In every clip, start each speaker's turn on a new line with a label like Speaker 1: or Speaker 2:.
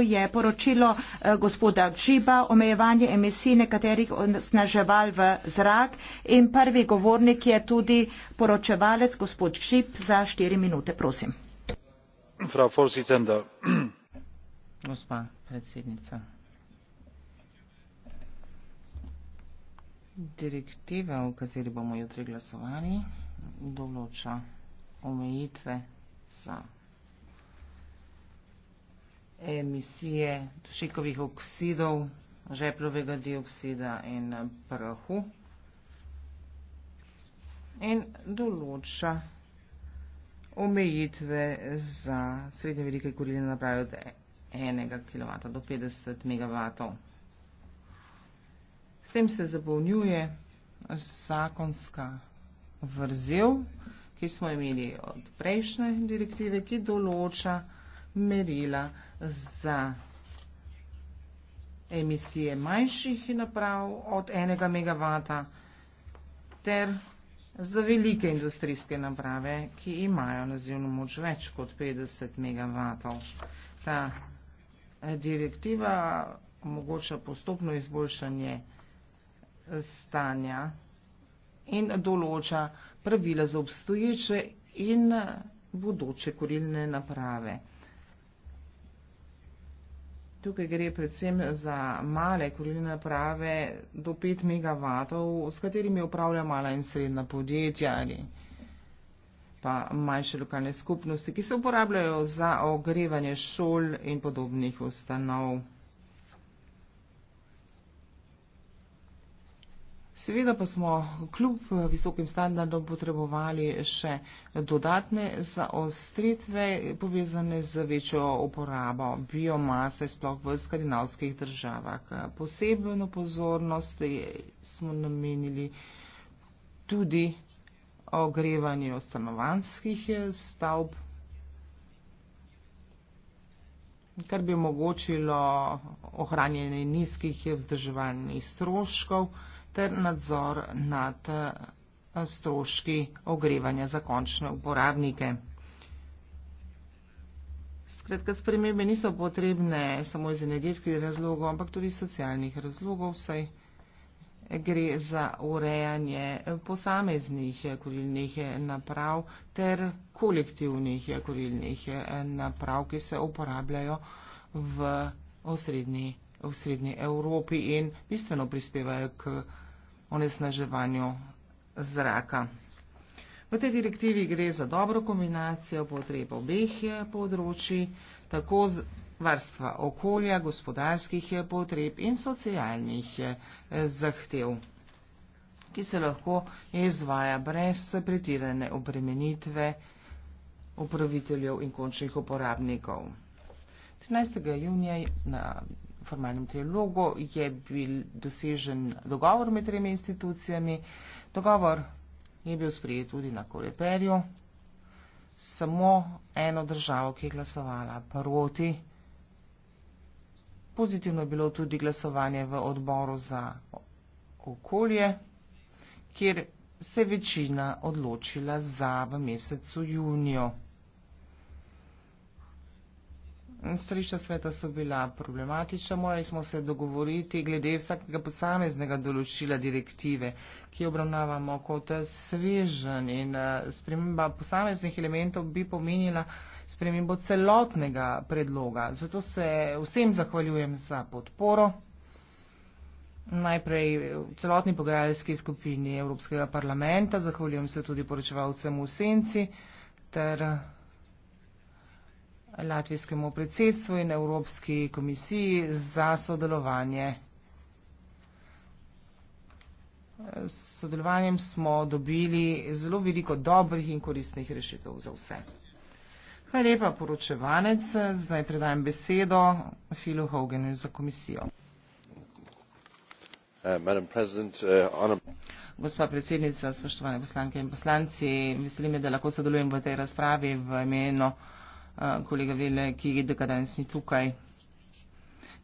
Speaker 1: je poročilo eh, gospoda Džiba omejevanje emisij nekaterih osnaževal v zrak in prvi govornik je tudi poročevalec gospod Džib za štiri minute. Prosim.
Speaker 2: Direktiva, o kateri bomo jutri glasovali, določa omejitve za emisije dušikovih oksidov, žeplovega dioksida in prahu in določa omejitve za srednje velike kurilne naprave od 1 kW do 50 MW. S tem se zapolnjuje zakonska vrzel, ki smo imeli od prejšnje direktive, ki določa omejitve merila za emisije manjših naprav od 1 MW ter za velike industrijske naprave, ki imajo nazivno moč več kot 50 MW. Ta eh, direktiva omogoča postopno izboljšanje eh, stanja in določa pravila za obstoječe in eh, bodoče korilne naprave. Tukaj gre predvsem za male kurilne naprave do 5 MW, s katerimi upravlja mala in srednja podjetja ali pa manjše lokalne skupnosti, ki se uporabljajo za ogrevanje šol in podobnih ustanov. Seveda pa smo kljub eh, visokim standardom potrebovali še dodatne zaostritve povezane z večjo uporabo biomase sploh v skandinavskih državah. Posebno pozornost smo namenili tudi ogrevanju stanovanskih eh, stavb, kar bi omogočilo ohranjanje nizkih vzdrževalnih stroškov ter nadzor nad eh, stroški ogrevanja za končne uporabnike. Skratka, spremembe niso potrebne samo iz energetskih razlogov, ampak tudi iz socialnih razlogov, saj gre za urejanje posameznih kurilnih naprav ter kolektivnih kurilnih naprav, ki se uporabljajo v osrednji v srednji Evropi in bistveno prispevajo k onesnaževanju zraka. V tej direktivi gre za dobro kombinacijo potreb obeh področji, tako z varstva okolja, gospodarskih potreb in socialnih eh, zahtev, ki se lahko izvaja brez pretirane obremenitve upraviteljev in končnih uporabnikov. 13. junija na formalnem trilogu, je bil dosežen dogovor med tremi institucijami. Dogovor je bil sprejet tudi na Koreperju. Samo eno državo, ki je glasovala proti. Pozitivno je bilo tudi glasovanje v odboru za okolje, kjer se je večina odločila za v mesecu junijo. stališča sveta so bila problematična, morali smo se dogovoriti glede vsakega posameznega določila direktive, ki jo obravnavamo kot svežen in eh, sprememba posameznih elementov bi pomenila spremembo celotnega predloga. Zato se vsem zahvaljujem za podporo. Najprej v celotni pogajalski skupini Evropskega parlamenta, zahvaljujem se tudi poročevalcem v senci ter latvijskemu predsedstvu in Evropski komisiji za sodelovanje. S sodelovanjem smo dobili zelo veliko dobrih in koristnih rešitev za vse. Hvala lepa, poročevanec. Zdaj predajem besedo Filu Hoganu za komisijo. Uh, uh, Gospa predsednica, spoštovane poslanke in poslanci, veselime, da lahko sodelujem v tej razpravi v imenu Eh, kolega Vele, ki je da danes ni tukaj.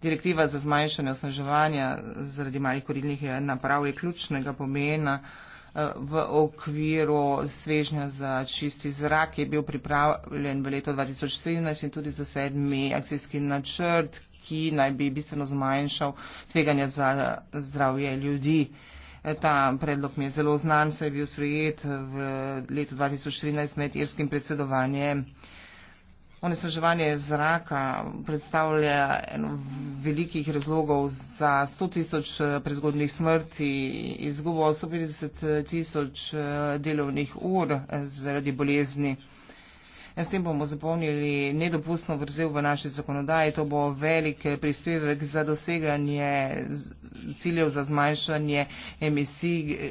Speaker 2: Direktiva za zmanjšanje osnaževanja zaradi malih korilnih naprav je ključnega pomena. Eh, v okviru svežnja za čisti zrak je bil pripravljen v letu 2014 in tudi za sedmi akcijski načrt, ki naj bi bistveno zmanjšal tveganja za zdravje ljudi. Eh, ta predlog mi je zelo znan, saj je bil sprejet v letu 2014 med irskim predsedovanjem. Onesnaževanje zraka predstavlja en velikih razlogov za 100 tisoč eh, prezgodnih smrti, izgubo 150 eh, tisoč eh, delovnih ur zaradi bolezni. S tem bomo zapomnili nedopustno vrzel v naši zakonodaji. To bo velik prispevek za doseganje ciljev za zmanjšanje emisij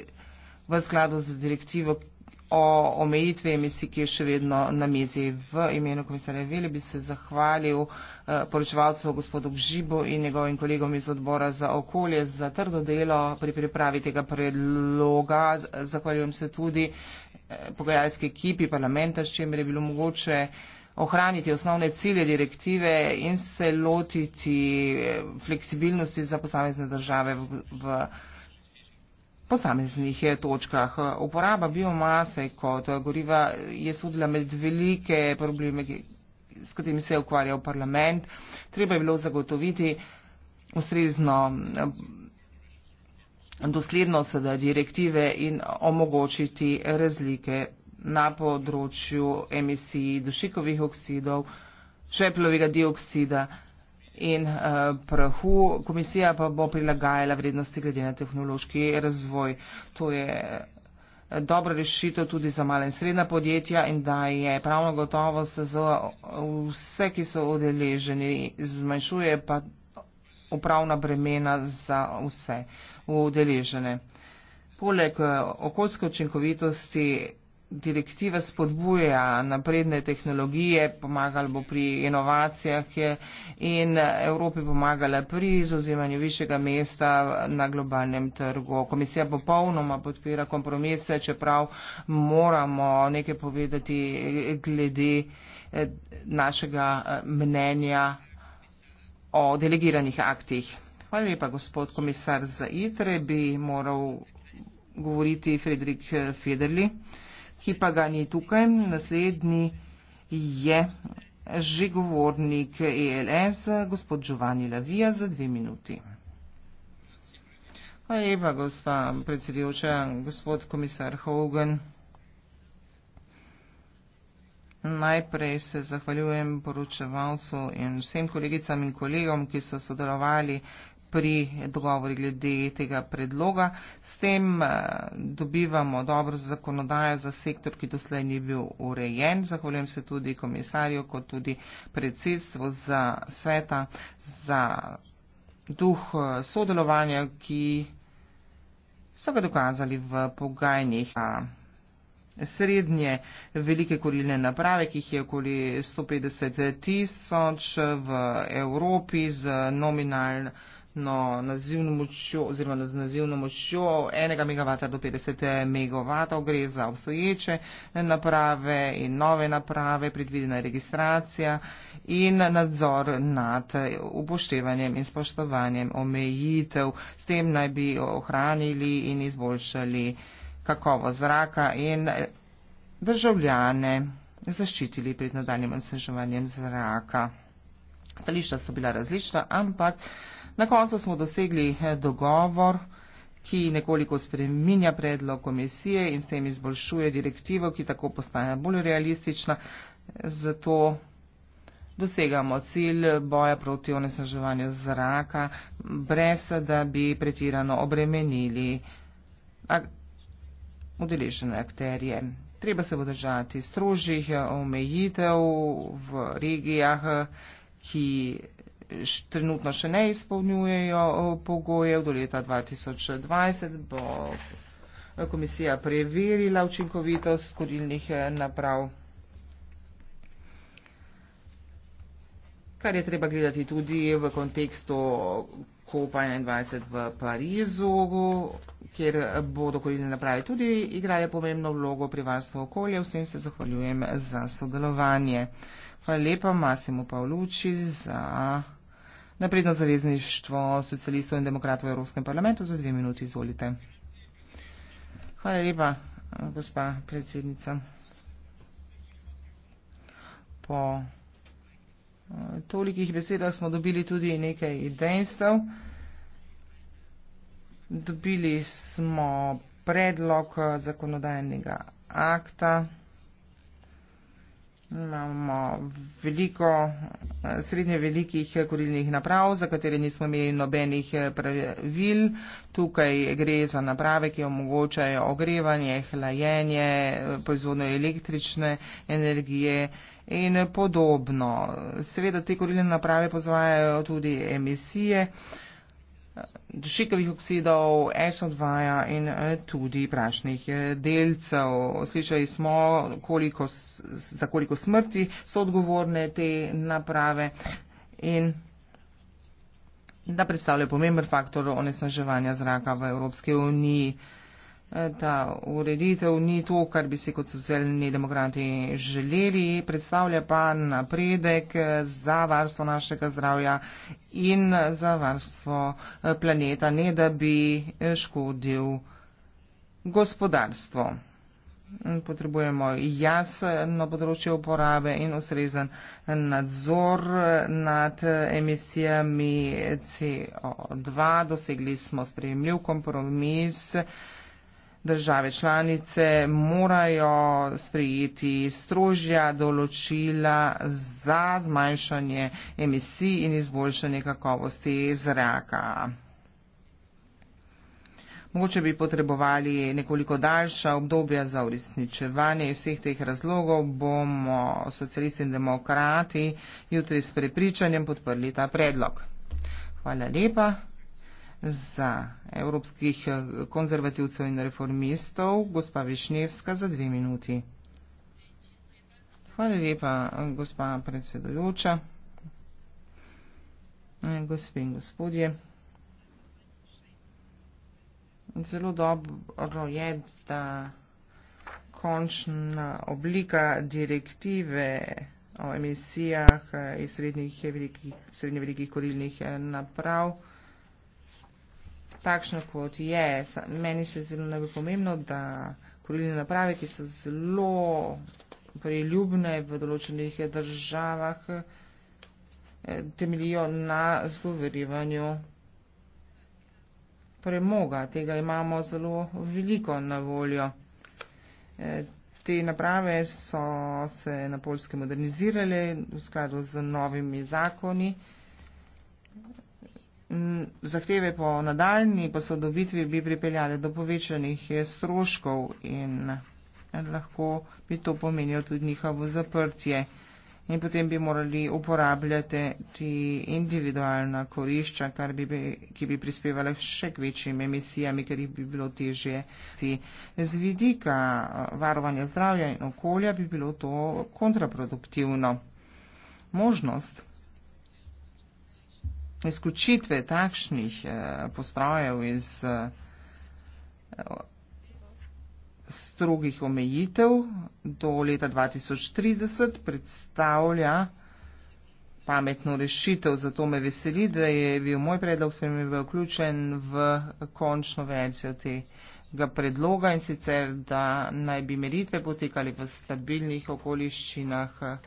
Speaker 2: v skladu z direktivo, o omejitvi emisij, ki je še vedno na mizi. V imenu komisarja Vili bi se zahvalil eh, poročevalcu gospodu Gžibu in njegovim kolegom iz odbora za okolje za trdo delo pri pripravi tega predloga. Zahvaljujem se tudi eh, pogajalski ekipi parlamenta, s čimer je bilo mogoče ohraniti osnovne cilje direktive in se lotiti eh, fleksibilnosti za posamezne države v. v posameznih eh, točkah. Uporaba biomase kot goriva je sodila med velike probleme, s katerimi se je ukvarjal parlament. Treba je bilo zagotoviti ustrezno eh, doslednost eh, direktive in omogočiti razlike na področju emisij dušikovih oksidov, šeplovega dioksida in eh, prahu. Komisija pa bo prilagajala vrednosti glede na tehnološki razvoj. To je eh, dobra rešitev tudi za male in srednja podjetja in da je pravno gotovo se za vse, ki so odeleženi, zmanjšuje pa upravna bremena za vse udeležene. Poleg eh, okoljske učinkovitosti direktiva spodbuja napredne tehnologije, pomagala bo pri inovacijah je, in Evropi pomagala pri zauzemanju višjega mesta na globalnem trgu. Komisija popolnoma podpira kompromise, čeprav moramo nekaj povedati glede eh, našega eh, mnenja o delegiranih aktih. Hvala lepa, gospod komisar za ITRE, bi moral govoriti Fredrik eh, Federli ki pa ga ni tukaj. Naslednji je že govornik ELS, gospod Giovanni Lavija, za dve minuti. Hvala lepa, gospa predsedujoča, gospod komisar Hogan. Najprej se zahvaljujem poročevalcu in vsem kolegicam in kolegom, ki so sodelovali pri dogovori glede tega predloga. S tem eh, dobivamo dobro zakonodajo za sektor, ki doslej ni bil urejen. Zahvaljujem se tudi komisarju, kot tudi predsedstvu za sveta, za duh eh, sodelovanja, ki so ga dokazali v pogajnjih srednje velike korilne naprave, ki jih je okoli 150 tisoč v Evropi z nominalno no, nazivno močjo, oziroma z nazivno močjo 1 MW do 50 MW, gre za obstoječe naprave in nove naprave, predvidena registracija in nadzor nad upoštevanjem in spoštovanjem omejitev. S tem naj bi ohranili in izboljšali kakovo zraka in državljane zaščitili pred nadaljnjim osveževanjem zraka. Stališča so bila različna, ampak. Na koncu smo dosegli eh, dogovor, ki nekoliko spreminja predlog komisije in s tem izboljšuje direktivo, ki tako postaja bolj realistična. Zato dosegamo cilj boja proti onesnaževanju zraka, brez da bi pretirano obremenili udeležene ak akterije. Treba se bo držati strožjih eh, omejitev v regijah, ki trenutno še ne izpolnjujejo pogojev. Do leta 2020 bo eh, komisija preverila učinkovitost skorilnih eh, naprav. Kar je treba gledati tudi v kontekstu COP21 v Parizu, kjer bodo korilne naprave tudi igrale pomembno vlogo pri varstvu okolja. Vsem se zahvaljujem za sodelovanje. Hvala lepa Masimo Pavluči za. Napredno zavezništvo socialistov in demokratov v Evropskem parlamentu za dve minuti izvolite. Hvala lepa, gospa predsednica. Po eh, tolikih besedah smo dobili tudi nekaj dejstev. Dobili smo predlog zakonodajnega akta. Imamo veliko srednje velikih kurilnih naprav, za katere nismo imeli nobenih pravil. Tukaj gre za naprave, ki omogočajo ogrevanje, hlajenje, proizvodno električne energije in podobno. Seveda te kurilne naprave pozvajajo tudi emisije dušikovih oksidov, SO2-ja in eh, tudi prašnih eh, delcev. Slišali smo, koliko, za koliko smrti so odgovorne te naprave in da predstavljajo pomemben faktor onesnaževanja zraka v Evropski uniji da ureditev ni to, kar bi si kot socialni demokrati želeli, predstavlja pa napredek za varstvo našega zdravja in za varstvo eh, planeta, ne da bi eh, škodil gospodarstvo. Potrebujemo jasno področje uporabe in ustrezen nadzor eh, nad emisijami CO2. Dosegli smo sprejemljiv kompromis države članice morajo sprejeti strožja določila za zmanjšanje emisij in izboljšanje kakovosti zraka. Mogoče bi potrebovali nekoliko daljša obdobja za uresničevanje vseh teh razlogov, bomo socialisti in demokrati jutri s prepričanjem podprli ta predlog. Hvala lepa za evropskih eh, konzervativcev in reformistov, gospa Višnevska, za dve minuti. Hvala lepa, eh, gospa predsedujoča, eh, gospe in gospodje. Zelo dobro je, da končna oblika direktive o emisijah iz srednjih velikih, srednje velikih korilnih naprav takšno, kot je. Meni se zelo ne bi pomembno, da kurilne naprave, ki so zelo priljubne v določenih državah, eh, temelijo na zgovarjanju premoga. Tega imamo zelo veliko na voljo. Eh, te naprave so se na polske modernizirale v skladu z novimi zakoni. Mm, zahteve po nadaljni posodobitvi bi pripeljale do povečanih eh, stroškov in eh, lahko bi to pomenilo tudi njihovo zaprtje. In potem bi morali uporabljati ti individualna korišča, kar bi, ki bi prispevala še k večjim emisijami, ker jih bi bilo težje. Z vidika eh, varovanja zdravja in okolja bi bilo to kontraproduktivno. Možnost izključitve takšnih uh, postrojev iz uh, strogih omejitev do leta 2030 predstavlja pametno rešitev. Zato me veseli, da je bil moj predlog s vami vključen v končno verzijo tega predloga in sicer, da naj bi meritve potekali v stabilnih okoliščinah. Uh,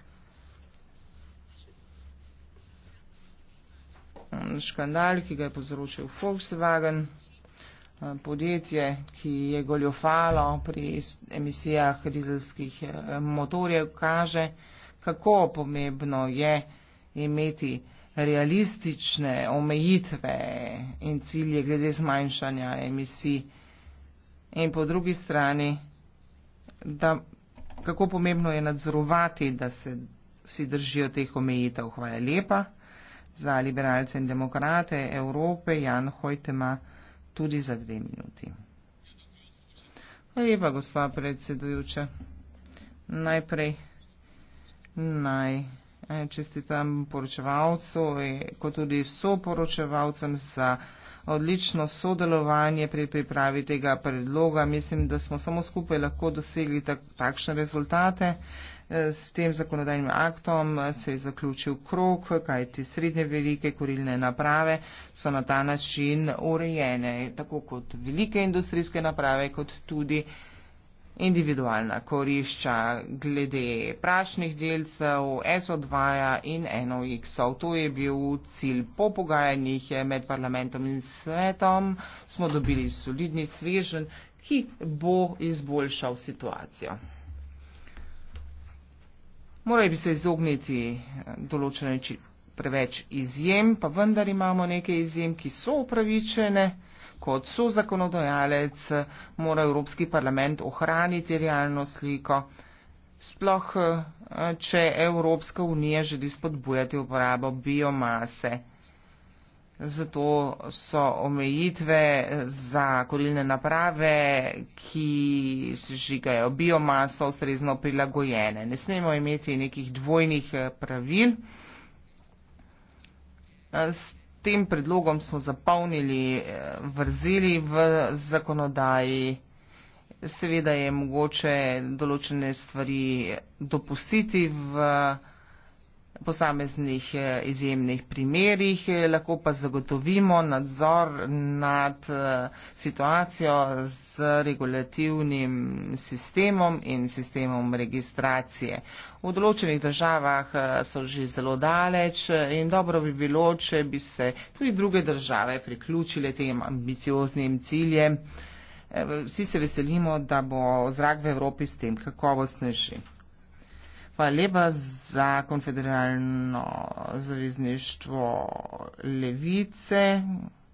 Speaker 2: škandal, ki ga je povzročil Volkswagen, eh, podjetje, ki je goljofalo pri emisijah dizelskih eh, motorjev, kaže, kako pomembno je imeti realistične omejitve in cilje glede zmanjšanja emisij. In po drugi strani, da, kako pomembno je nadzorovati, da se vsi držijo teh omejitev. Hvala lepa za liberalce in demokrate Evrope Jan Hojtema tudi za dve minuti. Lepa, gospa predsedujoča. Najprej naj eh, čestitam poročevalcu, eh, kot tudi soporočevalcem za odlično sodelovanje pri pripravi tega predloga. Mislim, da smo samo skupaj lahko dosegli tak, takšne rezultate. S tem zakonodajnim aktom se je zaključil krok, kajti srednje velike korilne naprave so na ta način urejene, tako kot velike industrijske naprave, kot tudi individualna korišča glede prašnih delcev, SO2-ja in NOX-ov. To je bil cilj po pogajanjih med parlamentom in svetom. Smo dobili solidni svežen, ki bo izboljšal situacijo morali bi se izogniti eh, določene preveč izjem, pa vendar imamo neke izjem, ki so upravičene, kot so zakonodajalec, mora Evropski parlament ohraniti realno sliko, sploh eh, če Evropska unija želi spodbujati uporabo biomase zato so omejitve za korilne naprave, ki sežigajo biomaso, ustrezno prilagojene. Ne smemo imeti nekih dvojnih eh, pravil. Eh, s tem predlogom smo zapolnili eh, vrzeli v zakonodaji. Seveda je mogoče določene stvari dopustiti v zakonodaji posameznih eh, izjemnih primerjih, eh, lahko pa zagotovimo nadzor nad eh, situacijo z regulativnim sistemom in sistemom registracije. V določenih državah so že zelo daleč in dobro bi bilo, če bi se tudi druge države priključile tem ambicioznim ciljem. Vsi se veselimo, da bo zrak v Evropi s tem kakovostnejši pa lepa za konfederalno zavezništvo levice.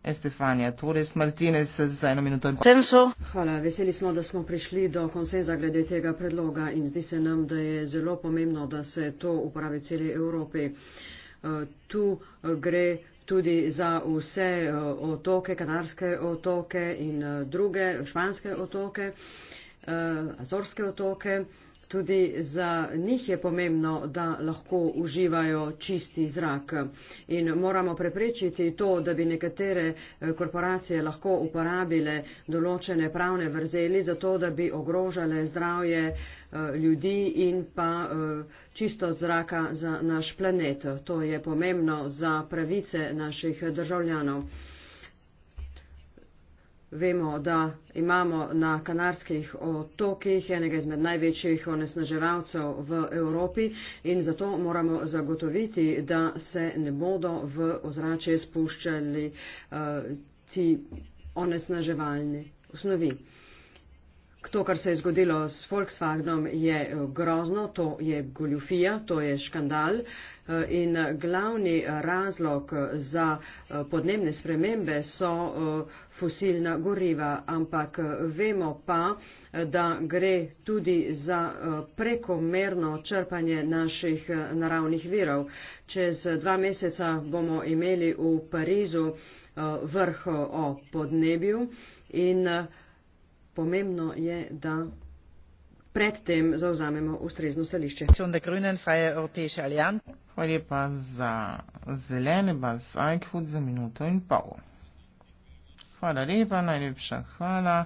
Speaker 2: Estefania Torres Martinez za eno minuto in konsenso.
Speaker 3: Hvala, veseli smo, da smo prišli do konsenza glede tega predloga in zdi se nam, da je zelo pomembno, da se to uporabi v celi Evropi. Eh, tu eh, gre tudi za vse eh, otoke, kanarske otoke in druge španske otoke, azorske otoke. Tudi za njih je pomembno, da lahko uživajo čisti zrak. In moramo preprečiti to, da bi nekatere eh, korporacije lahko uporabile določene pravne vrzeli, zato da bi ogrožale zdravje eh, ljudi in pa eh, čisto zraka za naš planet. To je pomembno za pravice naših državljanov. Vemo, da imamo na kanarskih otokih enega izmed največjih onesnaževalcev v Evropi in zato moramo zagotoviti, da se ne bodo v ozračje spuščali uh, ti onesnaževalni osnovi. To, kar se je zgodilo s Volkswagenom, je eh, grozno, to je goljufija, to je škandal. Eh, in glavni razlog eh, za podnebne spremembe so fosilna goriva, ampak vemo pa, da gre tudi za prekomerno črpanje naših naravnih virov. Čez dva meseca bomo imeli v Parizu vrh o podnebju in vrh pomembno je, da predtem zauzamemo ustrezno stališče.
Speaker 2: Hvala pa za zeleni bas Eichhut za minuto in pol. Hvala lepa, najlepša hvala.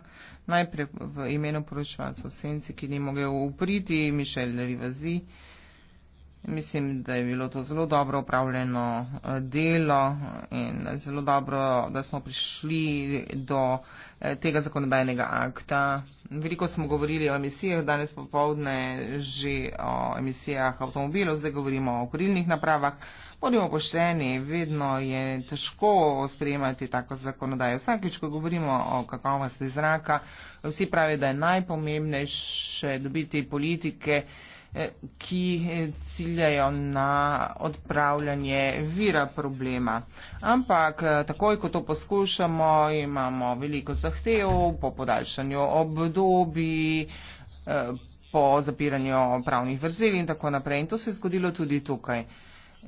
Speaker 2: Najprej v imenu poročevalcev Senci, ki ni mogel upriti, Mišel Rivazi. Mislim, da je bilo to zelo dobro upravljeno eh, delo in zelo dobro, da smo prišli do eh, tega zakonodajnega akta. Veliko smo govorili o emisijah, danes popovdne že o emisijah avtomobilov, zdaj govorimo o kurilnih napravah. Bodimo pošteni, vedno je težko sprejemati tako zakonodajo. Vsakič, ko govorimo o kakovosti zraka, vsi pravijo, da je najpomembnejše dobiti politike, Eh, ki eh, ciljajo na odpravljanje vira problema. Ampak eh, takoj, ko to poskušamo, imamo veliko zahtev po podaljšanju obdobi, po zapiranju pravnih vrzeli in tako naprej. In to se je zgodilo tudi tukaj.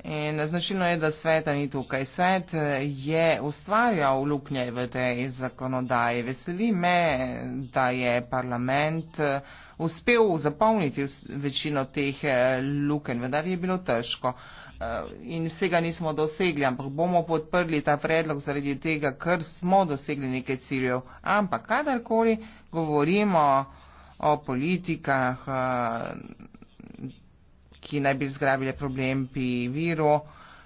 Speaker 2: In značilno je, da sveta ni tukaj. Svet eh, je ustvarjal luknje v tej zakonodaji. Veseli me, da je parlament eh, uspel zapolniti večino teh eh, luken, vendar je bilo težko. In vsega nismo dosegli, ampak bomo podprli ta predlog zaradi tega, ker smo dosegli nekaj ciljev. Ampak kadarkoli govorimo o politikah, ki naj bi zgrabile problem pri viru,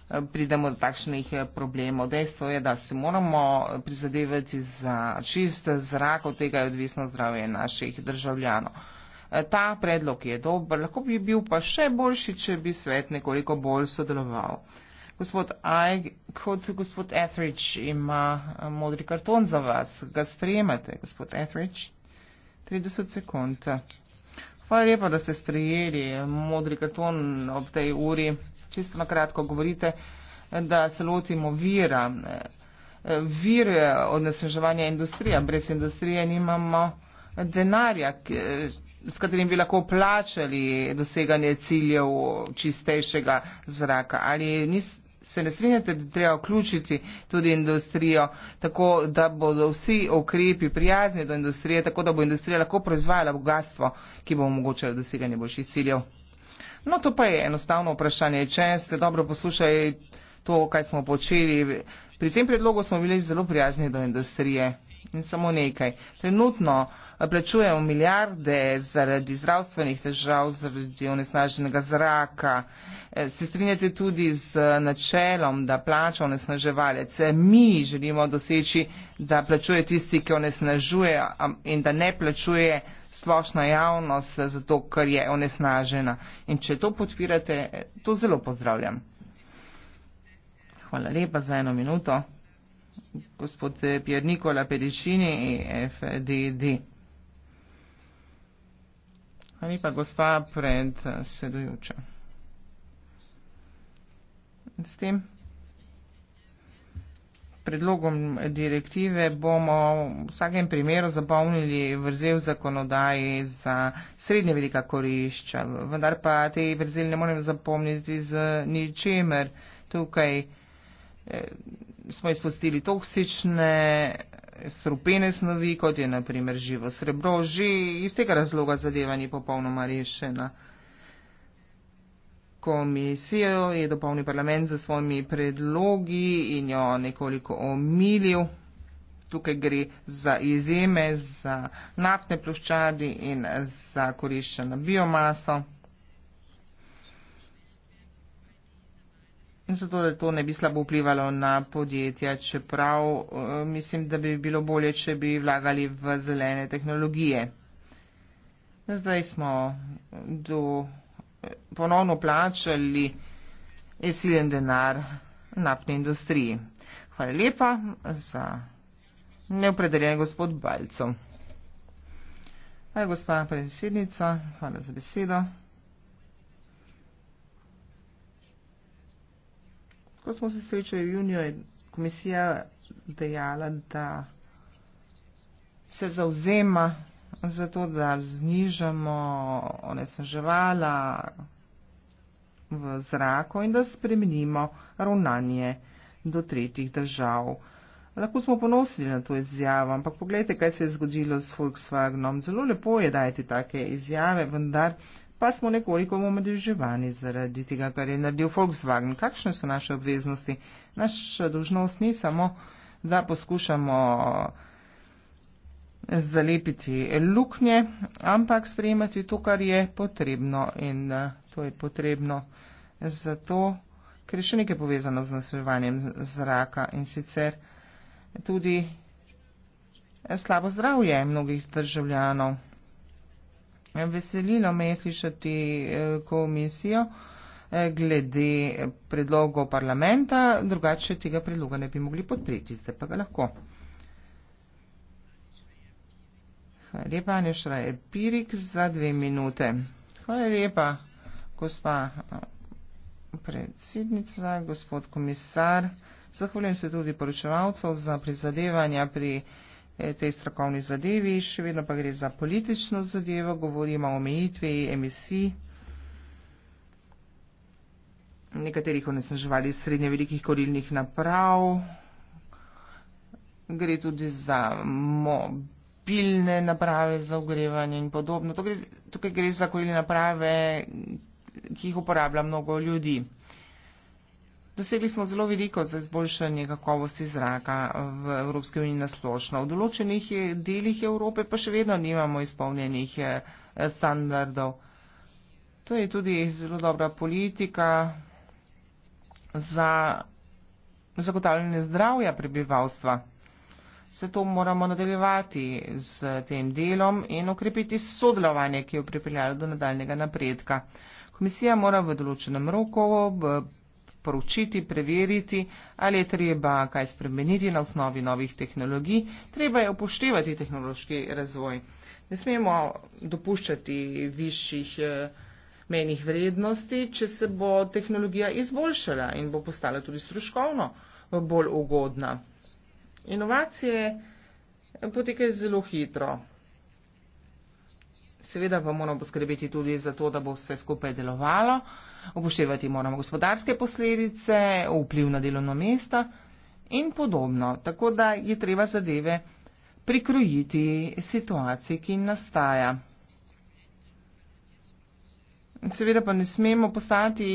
Speaker 2: eh, pridemo do takšnih eh, problemov. Dejstvo je, da se moramo eh, prizadevati za čist zrak, od tega je odvisno zdravje naših državljanov. Ta predlog je dober, lahko bi bil pa še boljši, če bi svet nekoliko bolj sodeloval. Gospod Aig, kot gospod Etheridge ima modri karton za vas, ga sprejemate, gospod Etheridge? 30 sekund. Hvala lepa, da ste sprejeli modri karton ob tej uri. Čisto na kratko govorite, da se lotimo vira. Vir odneseževanja industrija. Brez industrije nimamo denarja, s katerim bi lahko plačali doseganje ciljev čistejšega zraka. Ali niste? se ne strinjate, da treba vključiti tudi industrijo, tako da bodo vsi ukrepi prijazni do industrije, tako da bo industrija lahko proizvajala bogatstvo, ki bo omogočalo doseganje boljših ciljev? No, to pa je enostavno vprašanje. Če ste dobro poslušali to, kaj smo počeli, pri tem predlogu smo bili zelo prijazni do industrije. In samo nekaj. Trenutno plačujemo milijarde zaradi zdravstvenih težav, zaradi onesnaženega zraka. E, se strinjate tudi z načelom, da plača onesnaževalec. Mi želimo doseči, da plačuje tisti, ki onesnažuje in da ne plačuje splošna javnost za to, kar je onesnažena. In če to podpirate, to zelo pozdravljam. Hvala lepa za eno minuto. Gospod eh, Pier Nikola Pedicini, e FDD. Hvala lepa, gospa predsedujoča. S tem predlogom direktive bomo v vsakem primeru zapolnili vrzel zakonodaji za srednje velika korišča, vendar pa te vrzeli ne moremo zapomniti z ničemer. Tukaj eh, smo izpustili toksične eh, strupene snovi, kot je naprimer živo srebro, že iz tega razloga zadeva ni popolnoma rešena. Komisijo je dopolnil parlament za svojimi predlogi in jo nekoliko omilil. Tukaj gre za izjeme, za naftne ploščadi in za koriščeno biomaso. In zato, da to ne bi slabo vplivalo na podjetja, čeprav eh, mislim, da bi bilo bolje, če bi vlagali v zelene tehnologije. Zdaj smo do, eh, ponovno plačali esilen denar naftni industriji. Hvala lepa za neopredeljen gospod Balco. Hvala, gospa predsednica, hvala za besedo. Ko smo se srečali v juniju, je komisija dejala, da se zauzema za to, da znižamo onesnaževala v zraku in da spremenimo ravnanje do tretjih držav. Lahko smo ponosni na to izjavo, ampak pogledajte, kaj se je zgodilo s Volkswagenom. Zelo lepo je dajati take izjave, vendar pa smo nekoliko omadeževani zaradi tega, kar je naredil Volkswagen. Kakšne so naše obveznosti? Naša dožnost ni samo, da poskušamo zalepiti luknje, ampak sprejemati to, kar je potrebno in eh, to je potrebno zato, ker je še nekaj povezano z nasilovanjem zraka in sicer tudi slabo zdravje mnogih državljanov. Veselilo me je slišati eh, komisijo eh, glede predlogov parlamenta, drugače tega predloga ne bi mogli podpreti, zdaj pa ga lahko. Hvala lepa, Nešraj Epirik, za dve minute. Hvala lepa, gospa eh, predsednica, gospod komisar. Zahvaljujem se tudi poročevalcev za prizadevanja pri predlogu. Eh, tej strokovni zadevi, še vedno pa gre za politično zadevo, govorimo o omejitvi emisij nekaterih onesnaževali srednje velikih korilnih naprav. Gre tudi za mobilne naprave za ogrevanje in podobno. Tukaj gre za korilne naprave, ki jih uporablja mnogo ljudi. Dosegli smo zelo veliko za izboljšanje kakovosti zraka v Evropski uniji nasplošno. V določenih delih Evrope pa še vedno nimamo izpolnjenih eh, standardov. To je tudi zelo dobra politika za zagotavljanje zdravja prebivalstva. Se to moramo nadaljevati z tem delom in okrepiti sodelovanje, ki je pripeljalo do nadaljnega napredka. Komisija mora v določenem roku proučiti, preveriti, ali je treba kaj spremeniti na osnovi novih tehnologij. Treba je upoštevati tehnološki razvoj. Ne smemo dopuščati višjih eh, menjih vrednosti, če se bo tehnologija izboljšala in bo postala tudi stroškovno bolj ugodna. Inovacije potekajo zelo hitro. Seveda pa moramo poskrbeti tudi za to, da bo vse skupaj delovalo. Upoštevati moramo gospodarske posledice, vpliv na delovno mesto in podobno. Tako da je treba zadeve prikrojiti situaciji, ki nastaja. Seveda pa ne smemo postati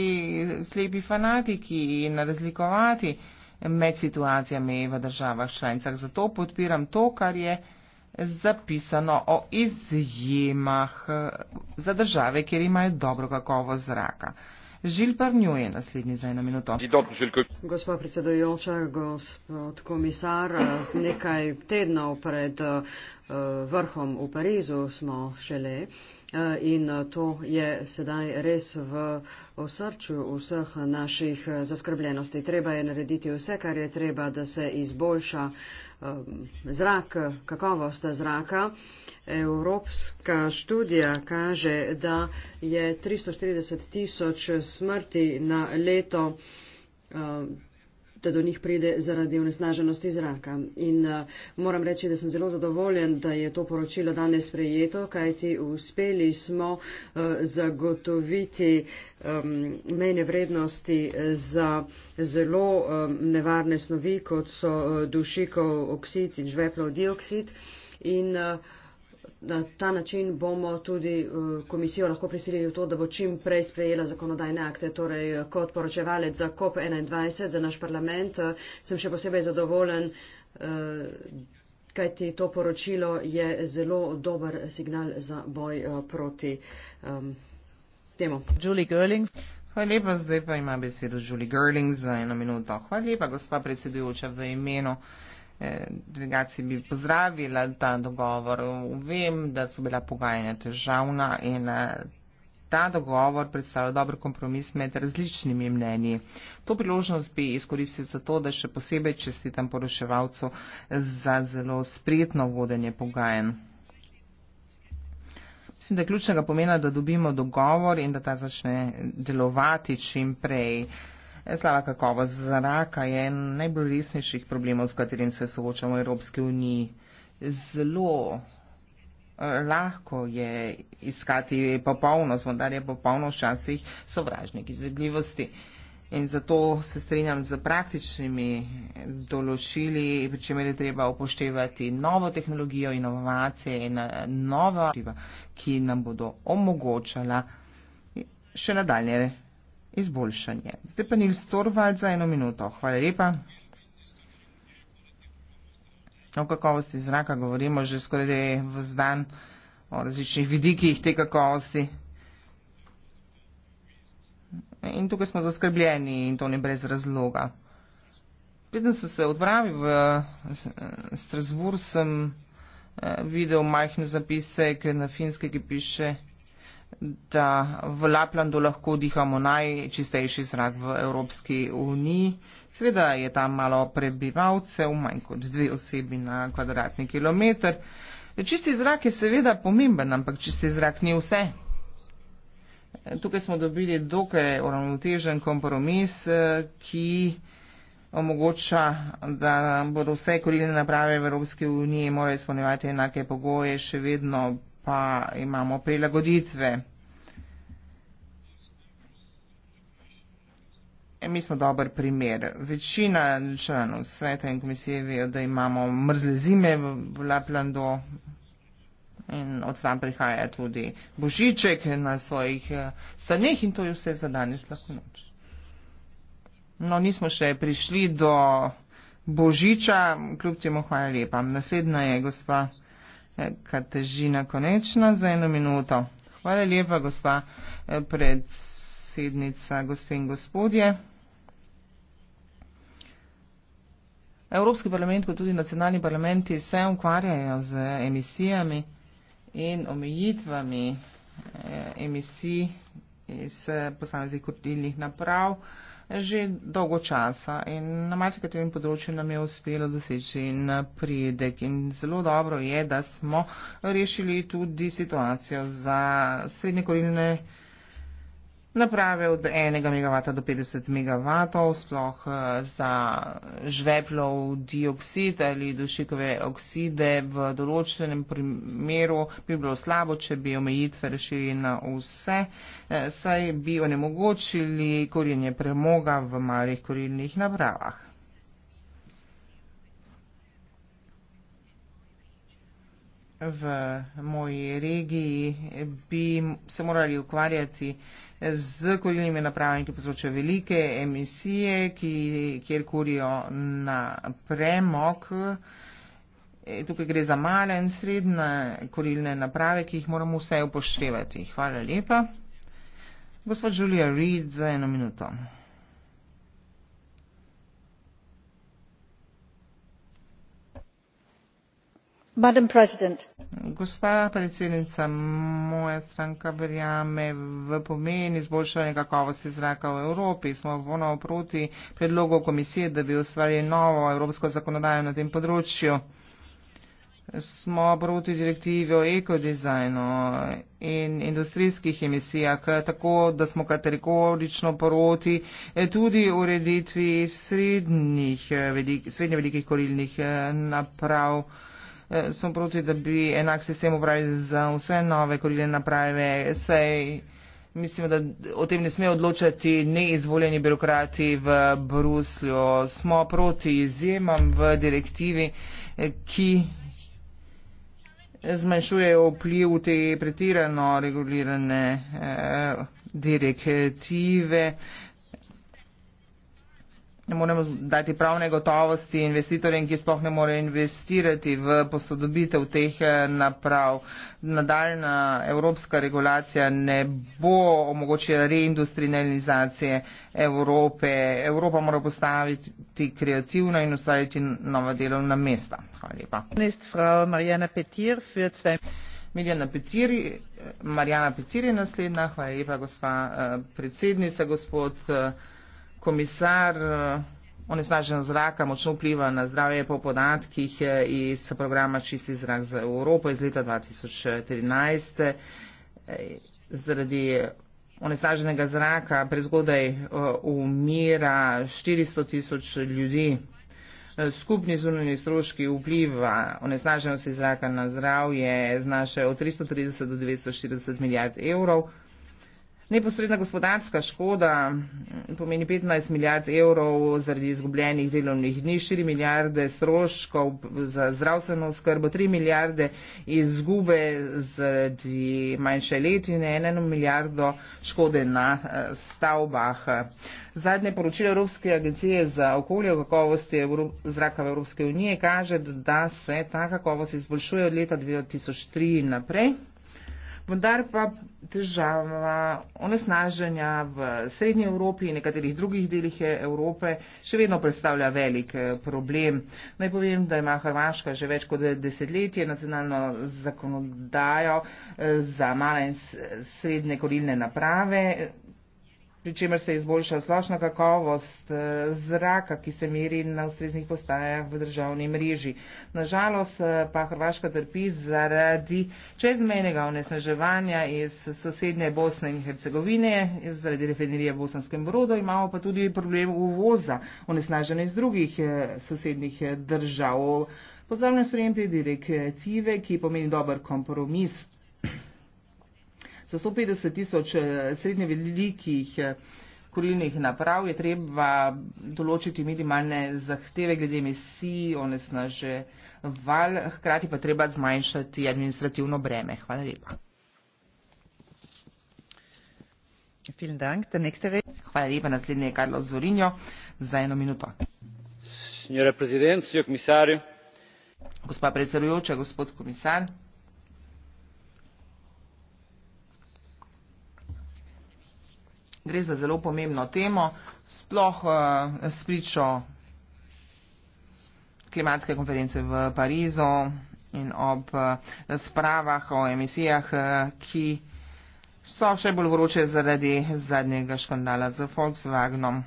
Speaker 2: slepi fanatiki in razlikovati med situacijami v državah članicah. Zato podpiram to, kar je zapisano o izjemah eh, za države, kjer imajo dobro kakovo zraka. Žil Parnjo je naslednji za eno minuto.
Speaker 3: Gospa predsedojoča, gospod komisar, eh, nekaj tednov pred eh, vrhom v Parizu smo šele. Eh, in eh, to je sedaj res v osrču vseh naših eh, zaskrbljenosti. Treba je narediti vse, kar je treba, da se izboljša zrak, kakovost zraka. Evropska študija kaže, da je 340 tisoč smrti na leto da do njih pride zaradi onesnaženosti zraka. In uh, moram reči, da sem zelo zadovoljen, da je to poročilo danes prejeto, kajti uspeli smo uh, zagotoviti um, mejne vrednosti eh, za zelo um, nevarne snovi, kot so uh, dušikov oksid in žveplov dioksid. In, uh, Na ta način bomo tudi eh, komisijo lahko prisilili v to, da bo čim prej sprejela zakonodajne akte. Torej, kot poročevalec za COP21 za naš parlament eh, sem še posebej zadovoljen, eh, kajti to poročilo je zelo dober signal za boj proti ehm, temu.
Speaker 2: Hvala lepa, zdaj pa ima besedo Julie Gerling za eno minuto. Hvala lepa, gospa predsedujoča, v imenu. Eh, delegaciji bi pozdravila ta dogovor. Vem, da so bila pogajanja težavna in eh, ta dogovor predstavlja dober kompromis med različnimi mnenji. To priložnost bi izkoristil za to, da še posebej čestitam poroševalcu za zelo spretno vodenje pogajanj. Mislim, da je ključnega pomena, da dobimo dogovor in da ta začne delovati čim prej. Uh, Slaba kakovost zraka je en najbolj resnejših problemov, s katerim se soočamo v Evropski uniji. Zelo eh, lahko je iskati popolnost, vendar je popolnost včasih sovražnik izvedljivosti. In zato se strinjam z praktičnimi eh, določili, pri čemer je treba upoštevati novo tehnologijo, inovacije in eh, nova, ki nam bodo omogočala še nadaljne izboljšanje. Zdaj pa Nils Torvald za eno minuto. Hvala lepa. O kakovosti zraka govorimo že skoraj da je v zdan o različnih vidikih te kakovosti. In tukaj smo zaskrbljeni in to ne brez razloga. Preden sem se odpravil v Strasbourg, sem eh, videl majhen zapisek na finske, ki piše, da v Laplandu lahko dihamo najčistejši zrak v Evropski uniji. Sveda je tam malo prebivalcev, manj kot dve osebi na kvadratni kilometr. Čisti zrak je seveda pomemben, ampak čisti zrak ni vse. Tukaj smo dobili dokaj uravnotežen kompromis, eh, ki omogoča, da bodo vse korilne naprave v Evropski uniji morali spolnevati enake pogoje, še vedno pa imamo prilagoditve. E, mi smo dober primer. Večina članov sveta in komisije vejo, da imamo mrzle zime v Laplando in od tam prihaja tudi božiček na svojih eh, saneh in to je vse za danes lahko noč. No, nismo še prišli do božiča, kljub temu hvala lepa. Naslednja je gospa. Katežina Konečna za eno minuto. Hvala lepa, gospa eh, predsednica, gospe in gospodje. Evropski parlament, kot tudi nacionalni parlamenti, se ukvarjajo z emisijami in omejitvami eh, emisij iz eh, posameznih kurilnih naprav že dolgo časa in na marsikaterem področju nam je uspelo doseči napredek in zelo dobro je, da smo rešili tudi situacijo za srednje korenine naprave od 1 MW do 50 MW, sploh eh, za žveplov dioksid ali dušikove okside v določenem primeru bi bilo slabo, če bi omejitve rešili na vse, eh, saj bi onemogočili korjenje premoga v malih korilnih napravah. v moji regiji bi se morali ukvarjati z kolinimi napravami, ki povzročajo velike emisije, ki, kjer kurijo na premok. E, tukaj gre za male in srednje korilne naprave, ki jih moramo vse upoštevati. Hvala lepa. Gospod Julia Reed za eno minuto. gospa predsednica moja stranka verjame v pomen izboljšanja kakovosti zraka v evropi smo ponovno proti predlogu komisije da bi ustvarili novo evropsko zakonodajo na tem področju smo proti direktivi o ekodizajnu in industrijskih emisijah tako da smo kategorično proti eh, tudi ureditvi srednjih eh, velik, srednje velikih korilnih eh, naprav sem proti, da bi enak sistem upravili za vse nove korilne naprave. Sej, mislim, da o tem ne sme odločati neizvoljeni birokrati v Bruslju. Smo proti izjemam v direktivi, ki zmanjšujejo vpliv te pretirano regulirane eh, direktive ne moremo dati pravne gotovosti investitorjem, ki sploh ne morejo investirati v posodobitev teh eh, naprav. Nadaljna evropska regulacija ne bo omogočila reindustrializacije Evrope. Evropa mora postaviti kreativno in ustvariti nova delovna mesta. Hvala lepa. Miljana Petiri, eh, Marjana Petiri je naslednja, hvala lepa gospa eh, predsednica, gospod komisar eh, onesnažen zraka močno vpliva na zdravje po podatkih eh, iz programa Čisti zrak za Evropo iz leta 2013. Eh, zaradi onesnaženega zraka prezgodaj umira 400 tisoč ljudi. Skupni zunanji stroški vpliva onesnaženosti zraka na zdravje znašajo od 330 do 940 milijard evrov. Neposredna gospodarska škoda pomeni 15 milijard evrov zaradi izgubljenih delovnih dni, 4 milijarde stroškov za zdravstveno skrbo, 3 milijarde izgube zaradi manjše letine, 1 milijardo škode na eh, stavbah. Zadnje poročilo Evropske agencije za okolje o kakovosti zraka v Evropske unije kaže, da se ta kakovost izboljšuje od leta 2003 naprej vendar pa težava onesnaženja v Srednji Evropi in nekaterih drugih delih e- Evrope še vedno predstavlja velik eh, problem. Naj povem, da ima Hrvaška že več kot desetletje nacionalno zakonodajo eh, za male in srednje korilne naprave, pri čemer se je izboljšala splošna kakovost eh, zraka, ki se meri na ustreznih postajah v državni mreži. Nažalost eh, pa Hrvaška trpi zaradi čezmejnega onesnaževanja iz sosednje Bosne in Hercegovine, zaradi refinerije v Bosanskem brodu, imamo pa tudi problem uvoza onesnažene iz drugih eh, sosednjih držav. Pozdravljam sprejem te direktive, ki pomeni dober kompromis. Za 150 tisoč eh, srednje velikih eh, kurilnih naprav je treba določiti minimalne zahteve glede emisij, onesnaže val, hkrati pa treba zmanjšati administrativno breme. Hvala lepa. Hvala lepa. Naslednji je Karlo Zorinjo za eno minuto. Gospa predsedujoča, gospod komisar. gre za zelo pomembno temo, sploh uh, eh, spričo klimatske konference v Parizu in ob uh, spravah o emisijah, uh, ki so še bolj vroče zaradi zadnjega škandala z Volkswagenom.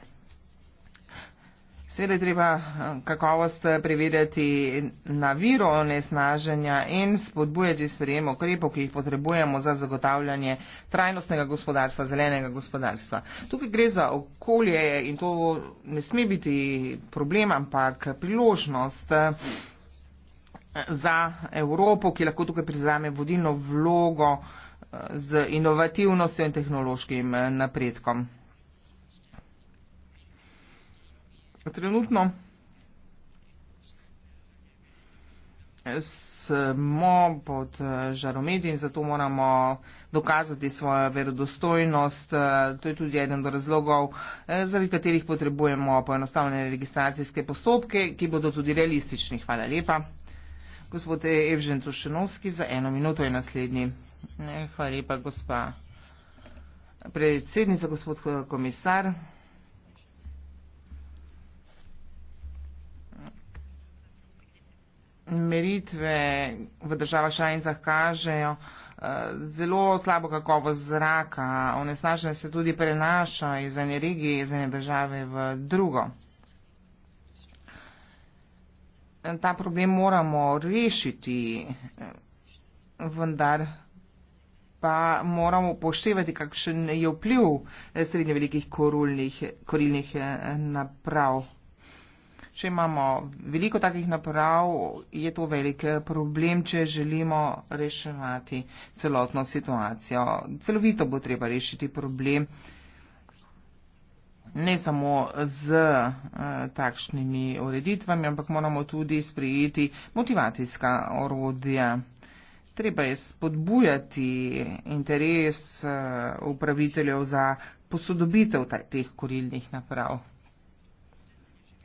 Speaker 2: Seveda je treba eh, kakovost eh, preverjati na viro onesnaženja in spodbujati sprejem okrepov, ki jih potrebujemo za zagotavljanje trajnostnega gospodarstva, zelenega gospodarstva. Tukaj gre za okolje in to ne sme biti problem, ampak priložnost eh, za Evropo, ki lahko tukaj prizame vodilno vlogo z inovativnostjo in tehnološkim napredkom. Trenutno smo pod eh, žarometi in zato moramo dokazati svojo verodostojnost. Eh, to je tudi eden od razlogov, eh, zaradi katerih potrebujemo poenostavljene registracijske postopke, ki bodo tudi realistični. Hvala lepa. Gospod Evžen Tušenovski, za eno minuto je naslednji. Hvala lepa, gospa predsednica, gospod komisar. meritve v državah članicah kažejo eh, zelo slabo kakovost zraka. Onesnažen se tudi prenaša iz ene regije, iz ene države v drugo. Ta problem moramo rešiti, vendar pa moramo poštevati, kakšen je vpliv eh, srednje velikih korilnih eh, naprav. Če imamo veliko takih naprav, je to velik eh, problem, če želimo reševati celotno situacijo. Celovito bo treba rešiti problem ne samo z uh, takšnimi ureditvami, ampak moramo tudi sprejeti motivacijska orodja. Treba je spodbujati interes uh, upraviteljev za posodobitev teh korilnih naprav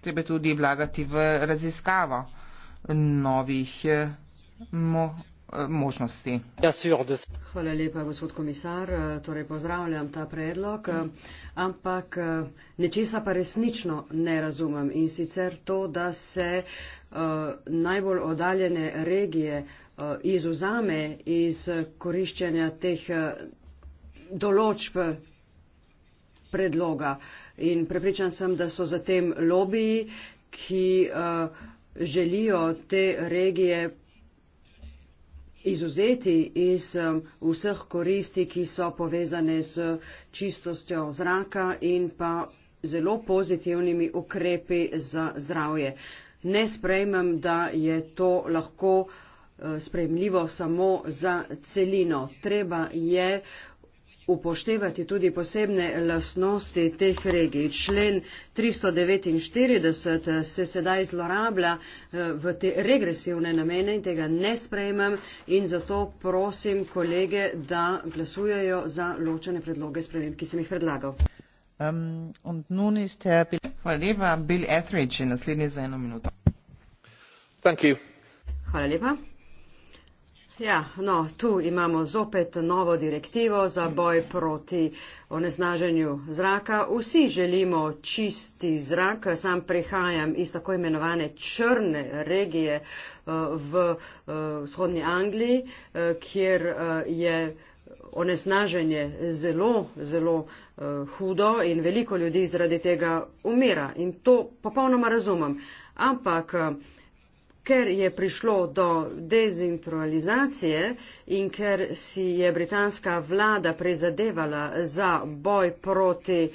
Speaker 2: treba tudi vlagati v raziskavo novih eh, mo eh, možnosti.
Speaker 3: Hvala lepa, gospod komisar, torej pozdravljam ta predlog, ampak eh, nečesa pa resnično ne razumem in sicer to, da se najbolj oddaljene regije izuzame iz koriščenja teh določb predloga. In prepričan sem, da so zatem lobiji, ki eh, želijo te regije izuzeti iz eh, vseh koristi, ki so povezane z čistostjo zraka in pa zelo pozitivnimi ukrepi za zdravje. Ne sprejmem, da je to lahko eh, sprejemljivo samo za celino. Treba je uh, upoštevati tudi posebne lasnosti teh regij. Člen 349 se sedaj zlorablja eh, v te regresivne namene in tega ne sprejemam in zato prosim kolege, da glasujejo za ločene predloge sprejem, ki sem jih predlagal.
Speaker 2: Um, Bill... Hvala lepa. Bill Etheridge je naslednji za eno minuto.
Speaker 3: Hvala lepa. Ja, no, tu imamo zopet novo direktivo za boj proti oneznaženju zraka. Vsi želimo čisti zrak. Sam prihajam iz tako imenovane črne regije eh, v eh, vzhodni Angliji, eh, kjer je oneznaženje zelo, zelo hudo in veliko ljudi zaradi tega umira. In to popolnoma razumem. Ampak ker je prišlo do dezintualizacije in ker si je britanska vlada prizadevala za boj proti eh,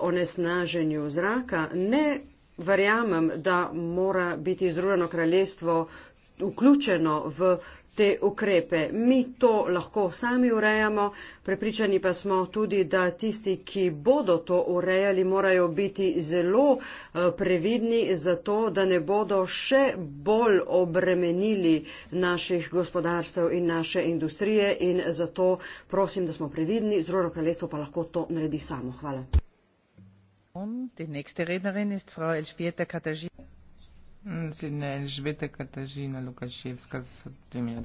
Speaker 3: onesnaženju zraka, ne verjamem, da mora biti Združeno kraljestvo vključeno v te ukrepe. Mi to lahko sami urejamo, prepričani pa smo tudi, da tisti, ki bodo to urejali, morajo biti zelo eh, previdni za to, da ne bodo še bolj obremenili naših gospodarstv in naše industrije in zato prosim, da smo previdni, Združeno kraljestvo pa lahko to naredi samo. Hvala. Um,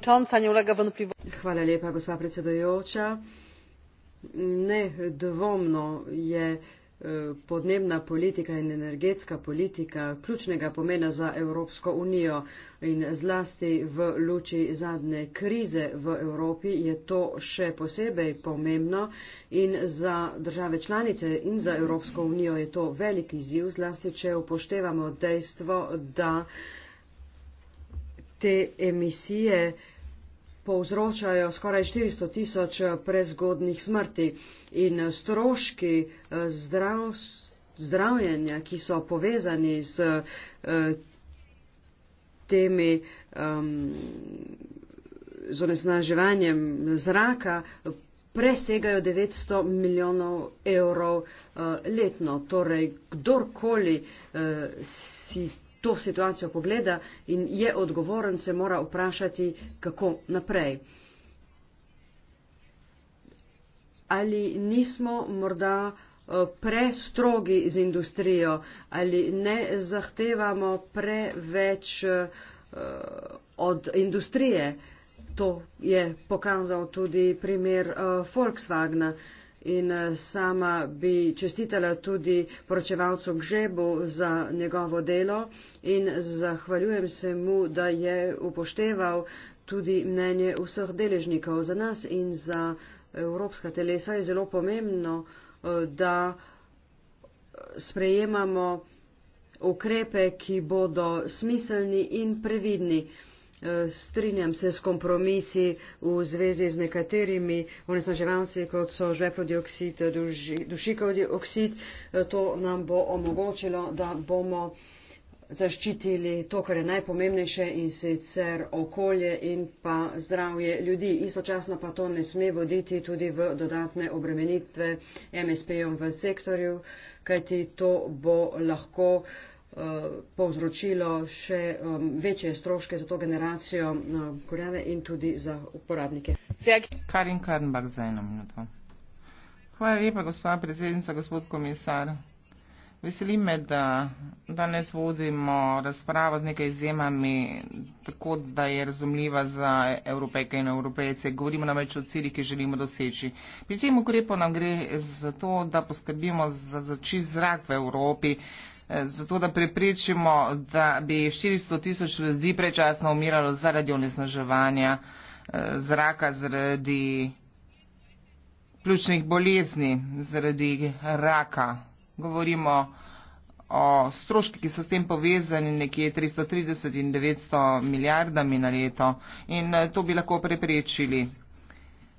Speaker 3: Tonca nie ulega wątpliwości. Hvala lepa, gospa predsedujoča. Ne, dvomno je Eh, podnebna politika in energetska politika ključnega pomena za Evropsko unijo in zlasti v luči zadnje krize v Evropi je to še posebej pomembno in za države članice in za Evropsko unijo je to velik izziv, zlasti če upoštevamo dejstvo, da te emisije povzročajo skoraj 400 tisoč eh, prezgodnih smrti in eh, stroški eh, zdrav, zdravljenja, ki so povezani z temi um, z onesnaževanjem zraka, presegajo 900 milijonov evrov uh, letno. Torej, kdorkoli uh, si to situacijo pogleda in je odgovoren, se mora vprašati, kako naprej. Ali nismo morda eh, prestrogi z industrijo, ali ne zahtevamo preveč eh, od industrije. To je pokazal tudi primer eh, Volkswagna. In eh, sama bi čestitala tudi poročevalcu Gžebu za njegovo delo in zahvaljujem se mu, da je upošteval tudi mnenje vseh deležnikov. Za nas in za evropska telesa je zelo pomembno, eh, da sprejemamo ukrepe, ki bodo smiselni in previdni. Eh, strinjam se s kompromisi v zvezi z nekaterimi onesnaževalci, kot so žveplodioksid, dušikov dioksid. Eh, to nam bo omogočilo, da bomo zaščitili to, kar je najpomembnejše in sicer okolje in pa zdravje ljudi. Istočasno pa to ne sme voditi tudi v dodatne obremenitve MSP-jem v sektorju, kajti to bo lahko uh, Eh, povzročilo še um, večje stroške za to generacijo um, kurjave in tudi za uporabnike.
Speaker 2: Karin Karnbach za eno minuto. Hvala lepa, gospod predsednica, gospod komisar. Veseli me, da danes vodimo razpravo z nekaj izjemami, tako da je razumljiva za evropejke in evropejce. Govorimo namreč o ciljih, ki želimo doseči. Pri tem ukrepu nam gre za to, da poskrbimo za, za čist zrak v Evropi zato da preprečimo, da bi 400 tisoč ljudi prečasno umiralo zaradi onesnaževanja eh, zraka, zaradi ključnih bolezni, zaradi raka. Govorimo o stroških, ki so s tem povezani nekje 330 in 900 milijardami na leto in eh, to bi lahko preprečili.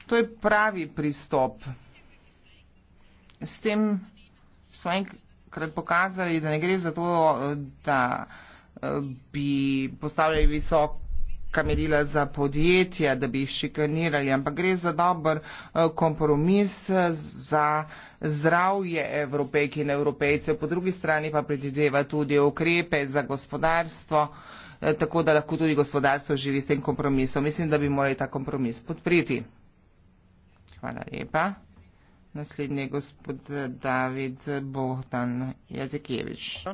Speaker 2: To je pravi pristop. S tem smo enkrat krat pokazali, da ne gre za to, da eh, bi postavljali visok kamerila za podjetja, da bi jih šikanirali, ampak gre za dober eh, kompromis eh, za zdravje evropejki in evropejce. Po drugi strani pa predvideva tudi ukrepe za gospodarstvo, tako da lahko tudi gospodarstvo živi s tem kompromisom. Mislim, da bi morali ta kompromis podpriti. Hvala lepa naslednji gospod David Bohdan Jazekevič.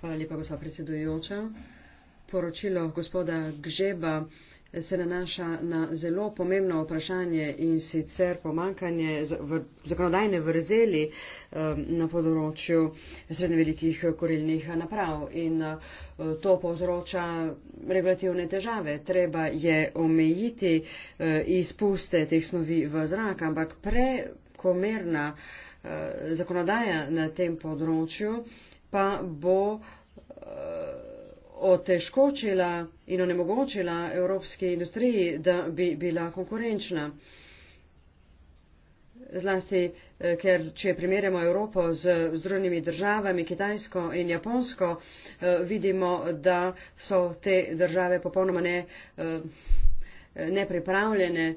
Speaker 3: Hvala lepa, gospod predsedujoča. Poročilo gospoda Gžeba se nanaša na zelo pomembno vprašanje in sicer pomankanje zakonodajne vrzeli um, na področju srednjevelikih korilnih naprav in uh, to povzroča regulativne težave. Treba je omejiti uh, izpuste teh snovi v zrak, ampak prekomerna uh, zakonodaja na tem področju pa bo otežkočila in onemogočila evropski industriji, da bi bila konkurenčna. Zlasti, eh, ker če primerjamo Evropo z združenimi državami, Kitajsko in Japonsko, eh, vidimo, da so te države popolnoma ne, eh, nepripravljene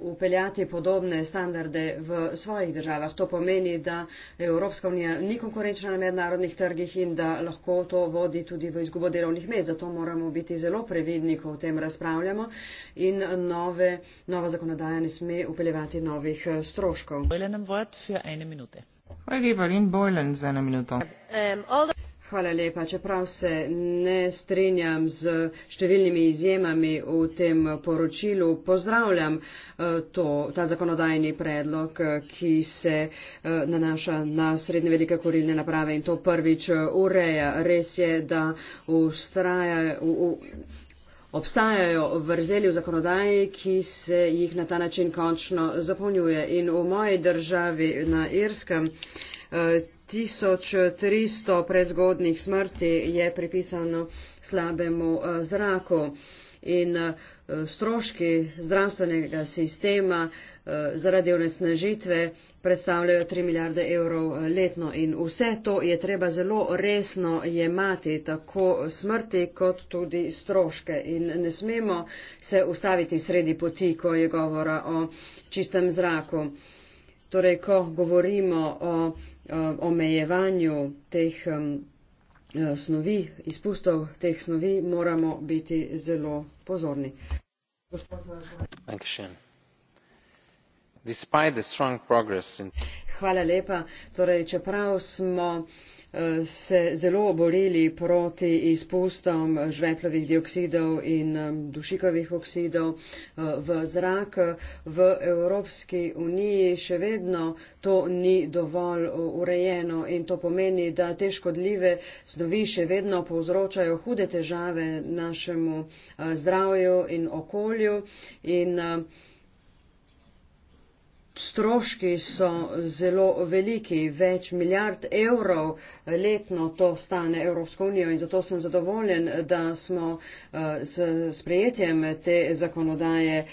Speaker 3: upeljati podobne standarde v svojih državah. To pomeni, da Evropska unija ni konkurenčna na mednarodnih trgih in da lahko to vodi tudi v izgubo delovnih mest. Zato moramo biti zelo previdni, ko o tem razpravljamo in nove, nova zakonodaja ne sme upeljevati novih eh, stroškov. Hvala
Speaker 2: lepa, Lynn Boylan, za eno minuto. Um,
Speaker 3: Hvala lepa. Čeprav se ne strinjam z številnimi izjemami v tem poročilu, pozdravljam eh, to, ta zakonodajni predlog, ki se eh, nanaša na srednje velike korilne naprave in to prvič eh, ureja. Res je, da ustraja. U, u, Obstajajo vrzeli v zakonodaji, ki se jih na ta način končno zapolnjuje. In v moji državi na Irskem 1300 prezgodnih smrti je pripisano slabemu eh, zraku in eh, stroški zdravstvenega sistema eh, zaradi onesnažitve predstavljajo 3 milijarde evrov letno in vse to je treba zelo resno jemati, tako smrti kot tudi stroške in ne smemo se ustaviti sredi poti, ko je govora o čistem zraku. Torej, ko govorimo o Eh, omejevanju teh eh, snovi, izpustov teh snovi, moramo biti zelo pozorni. Hvala lepa. Torej, čeprav smo uh, se zelo boreli proti izpustom žveplovih dioksidov in um, dušikovih oksidov uh, v zrak. V Evropski uniji še vedno to ni dovolj uh, urejeno in to pomeni, da te škodljive snovi še vedno povzročajo hude težave našemu uh, zdravju in okolju. In, uh, Stroški so zelo veliki, več milijard evrov letno to stane Evropsko unijo in zato sem zadovoljen, da smo eh, s sprejetjem te zakonodaje eh,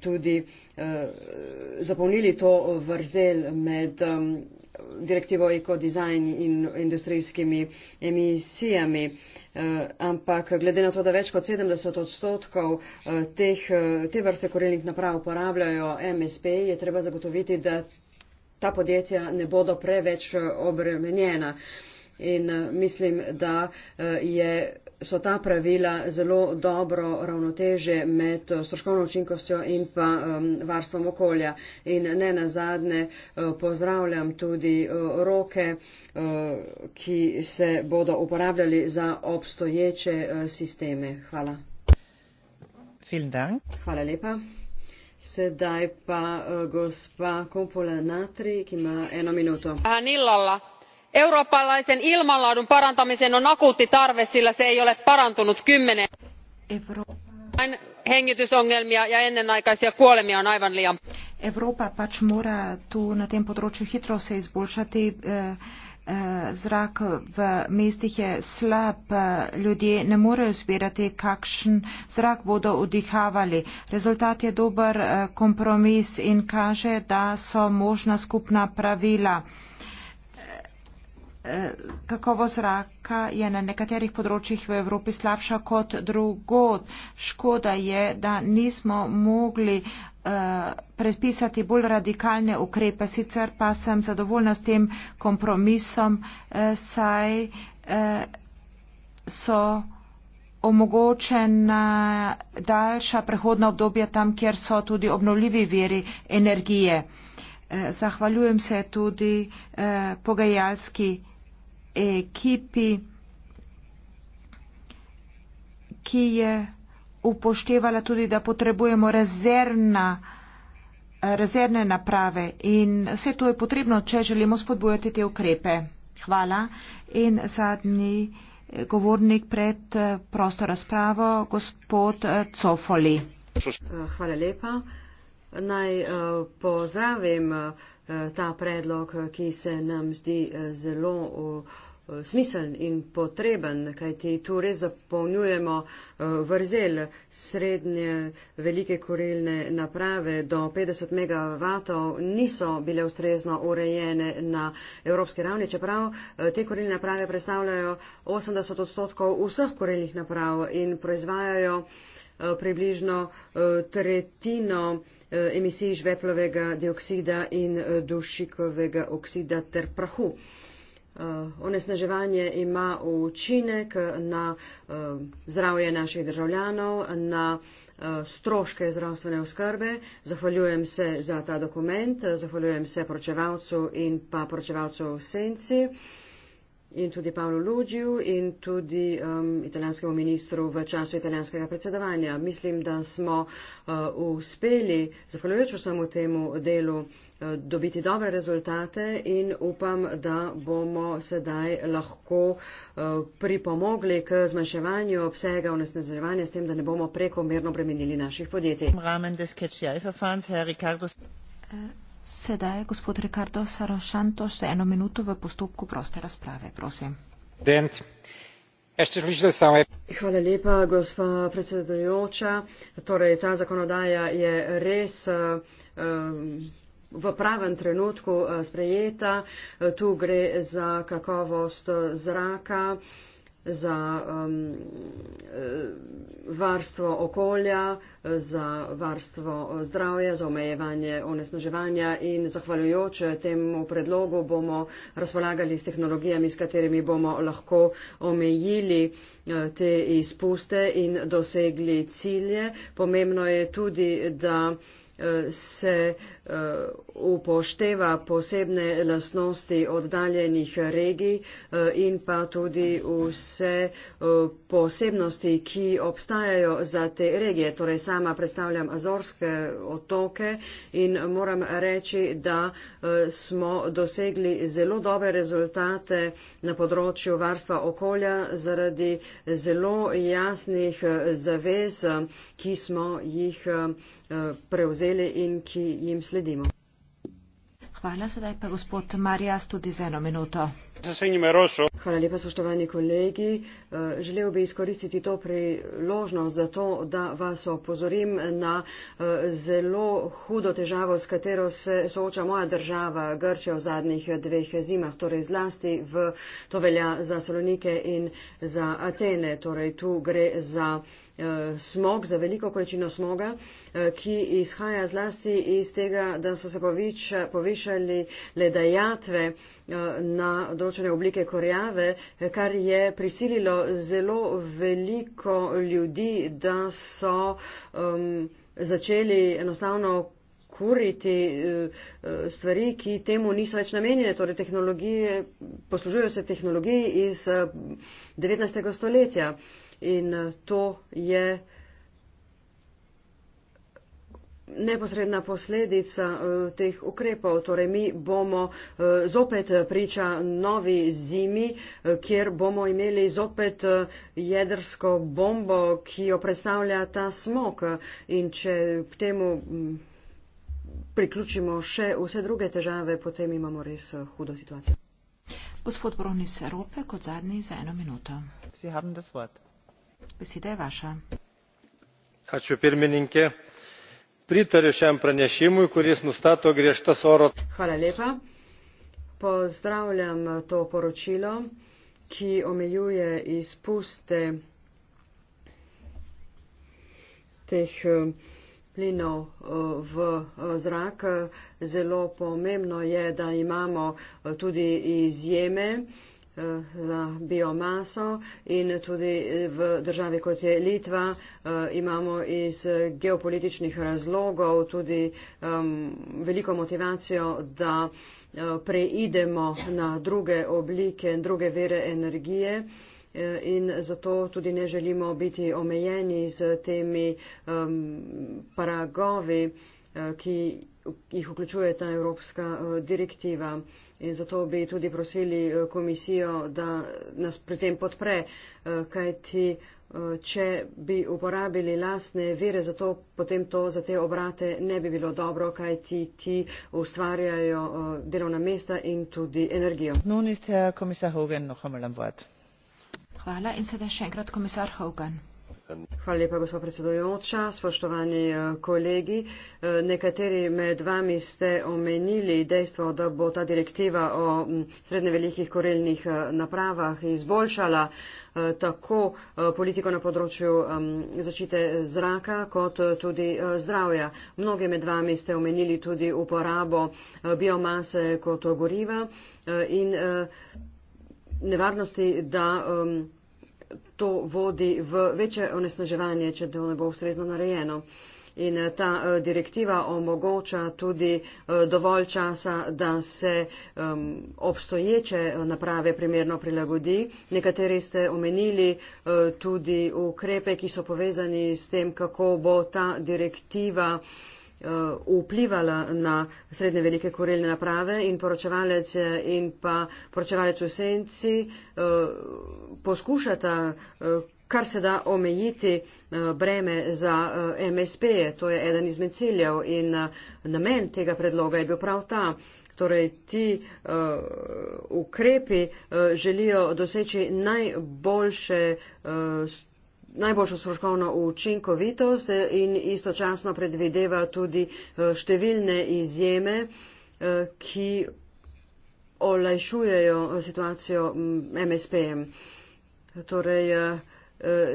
Speaker 3: tudi eh, zapolnili to vrzel med direktivo ekodizajn in industrijskimi emisijami. Eh, ampak glede na to, da več kot 70 odstotkov eh, teh, eh, te vrste korilnih naprav uporabljajo MSP, je treba zagotoviti, da ta podjetja ne bodo preveč obremenjena. In mislim, da je so ta pravila zelo dobro ravnoteže med eh, stroškovno učinkostjo in pa um, varstvom okolja. In ne na zadnje eh, pozdravljam tudi eh, roke, ki se bodo uporabljali za obstoječe sisteme. Hvala. Hvala lepa. Sedaj pa gospa Kompola Natri, ki ima eno minuto. Anilala eurooppalaisen ilmanlaadun parantamiseen on akuutti tarve sillä se ei ole parantunut kymmeneen vuoteen. vain hengitysongelmia ja ennenaikaisia kuolemia
Speaker 1: on aivan liian paljon. Pač eh, eh, zrak v mestih je slab, eh, ljudje ne morejo zbirati, kakšen zrak bodo vdihavali. Rezultat je dober kompromis in kaže, da so možna skupna pravila kakovo zraka je na nekaterih področjih v Evropi slabša kot drugod. Škoda je, da nismo mogli eh, predpisati bolj radikalne ukrepe, sicer pa sem zadovoljna s tem kompromisom, eh, saj eh, so omogočena daljša prehodna obdobja tam, kjer so tudi obnovljivi veri energije. Zahvaljujem se tudi pogajalski ekipi, ki je upoštevala tudi, da potrebujemo rezervna, rezervne naprave in vse to je potrebno, če želimo spodbujati te ukrepe. Hvala. In zadnji eh, govornik pred eh, prosto razpravo, gospod eh, Cofoli. Hvala lepa.
Speaker 3: Naj pozdravim ta predlog, ki se nam zdi eh, zelo eh, smiseln in potreben, kajti tu res zapolnjujemo eh, vrzel srednje velike korilne naprave do 50 MW niso bile ustrezno urejene na evropski ravni, čeprav te korilne naprave predstavljajo 80 odstotkov vseh korilnih naprav in proizvajajo približno tretjino Eh, emisij žveplovega dioksida in eh, dušikovega oksida ter prahu. Eh, onesnaževanje ima učinek na zdravje naših državljanov, na stroške zdravstvene oskrbe. Zahvaljujem se za ta dokument, zahvaljujem se poročevalcu in pa poročevalcu v senci in tudi Pavlu Luđiju in tudi um, italijanskemu ministru v času italijanskega predsedovanja. Mislim, da smo uh, uspeli, zahvaljujoč vsemu temu delu, uh, dobiti dobre rezultate in upam, da bomo sedaj lahko uh, pripomogli k zmanjševanju obsega onesnaževanja s tem, da ne bomo prekomerno bremenili naših podjetij.
Speaker 1: Sedaj je gospod Ricardo Sarošanto za eno minuto v postopku proste razprave. Prosim.
Speaker 3: Hvala lepa, gospa predsedajoča. Torej, ta zakonodaja je res eh, eh, v pravem trenutku eh, sprejeta. Tu gre za kakovost zraka za um, varstvo okolja, za varstvo zdravja, za omejevanje onesnaževanja in zahvaljujoč temu predlogu bomo razpolagali s tehnologijami, s katerimi bomo lahko omejili eh, te izpuste in dosegli cilje. Pomembno je tudi, da se eh, upošteva posebne lastnosti oddaljenih regij eh, in pa tudi vse eh, posebnosti, ki obstajajo za te regije. Torej sama predstavljam Azorske otoke in moram reči, da smo dosegli zelo dobre rezultate na področju varstva okolja zaradi zelo jasnih zavez, ki smo jih prevzeli vzeli in ki jim sledimo.
Speaker 1: Hvala, sedaj pa gospod Marijas tudi z eno minuto.
Speaker 3: Hvala lepa, spoštovani kolegi. Eh, želel bi izkoristiti to priložnost za to, da vas opozorim na eh, zelo hudo težavo, s katero se sooča moja država Grče v zadnjih dveh zimah. Torej zlasti v to velja za Salonike in za Atene. Torej tu gre za eh, smog, za veliko količino smoga, ki izhaja zlasti iz tega, da so se poviš, povišali ledajatve na določenih določene oblike korjave, kar je prisililo zelo veliko ljudi, da so um, začeli enostavno kuriti uh, stvari, ki temu niso več namenjene. Torej, poslužujejo se tehnologiji iz 19. Uh, stoletja in uh, to je neposredna posledica uh, teh ukrepov. Torej, mi bomo uh, zopet eh, priča novi zimi, uh, kjer bomo imeli zopet uh, jedrsko bombo, ki jo predstavlja ta smog. In če k temu mm, priključimo še vse druge težave, potem imamo res hudo situacijo.
Speaker 1: Gospod Bronis Rope, kot zadnji za eno minuto. Besede je vaša.
Speaker 2: Hvala, če je pet minut pritariu šiam pranešimui kuris nustato griežtas oro
Speaker 3: pozdravljam to poročilo, ki omejuje izpuste teh eh, plinov eh, v eh, zrak. Zelo pomembno je, da imamo tudi izjeme za biomaso in tudi v državi kot je Litva eh, imamo iz geopolitičnih razlogov tudi um, veliko motivacijo, da eh, preidemo na druge oblike in druge vere energije eh, in zato tudi ne želimo biti omejeni z temi um, paragovi, ki jih vključuje ta evropska eh, direktiva. In zato bi tudi prosili eh, komisijo, da nas pri tem podpre, eh, kajti če bi uporabili lasne vire, zato potem to za te obrate ne bi bilo dobro, kajti ti ustvarjajo delovna mesta in tudi energijo.
Speaker 1: Hvala in sedaj še enkrat komisar Hogan.
Speaker 3: Hvala lepa, gospod predsedujoča, spoštovani eh, kolegi. Eh, nekateri med vami ste omenili dejstvo, da bo ta direktiva o srednje velikih korelnih eh, napravah izboljšala tako politiko na področju zaščite zraka kot tudi zdravja. Mnogi med vami ste omenili tudi uporabo biomase kot goriva in nevarnosti, da to vodi v večje onesnaževanje, če to ne bo ustrezno narejeno. In eh, ta eh, direktiva omogoča tudi eh, dovolj časa, da se ehm, obstoječe naprave primerno prilagodi. Nekateri ste omenili tudi ukrepe, ki so povezani s tem, kako bo ta direktiva Eh, vplivala na srednje velike korelne naprave in poročevalec eh, in pa poročevalec v senci eh, poskušata kar se da omejiti breme za MSP, to je eden izmed ciljev in namen tega predloga je bil prav ta. Torej, ti uh, ukrepi uh, želijo doseči najboljše uh, najboljšo stroškovno učinkovitost eh, in istočasno predvideva tudi eh, številne izjeme, eh, ki olajšujejo situacijo MSP-jem. Mm, torej,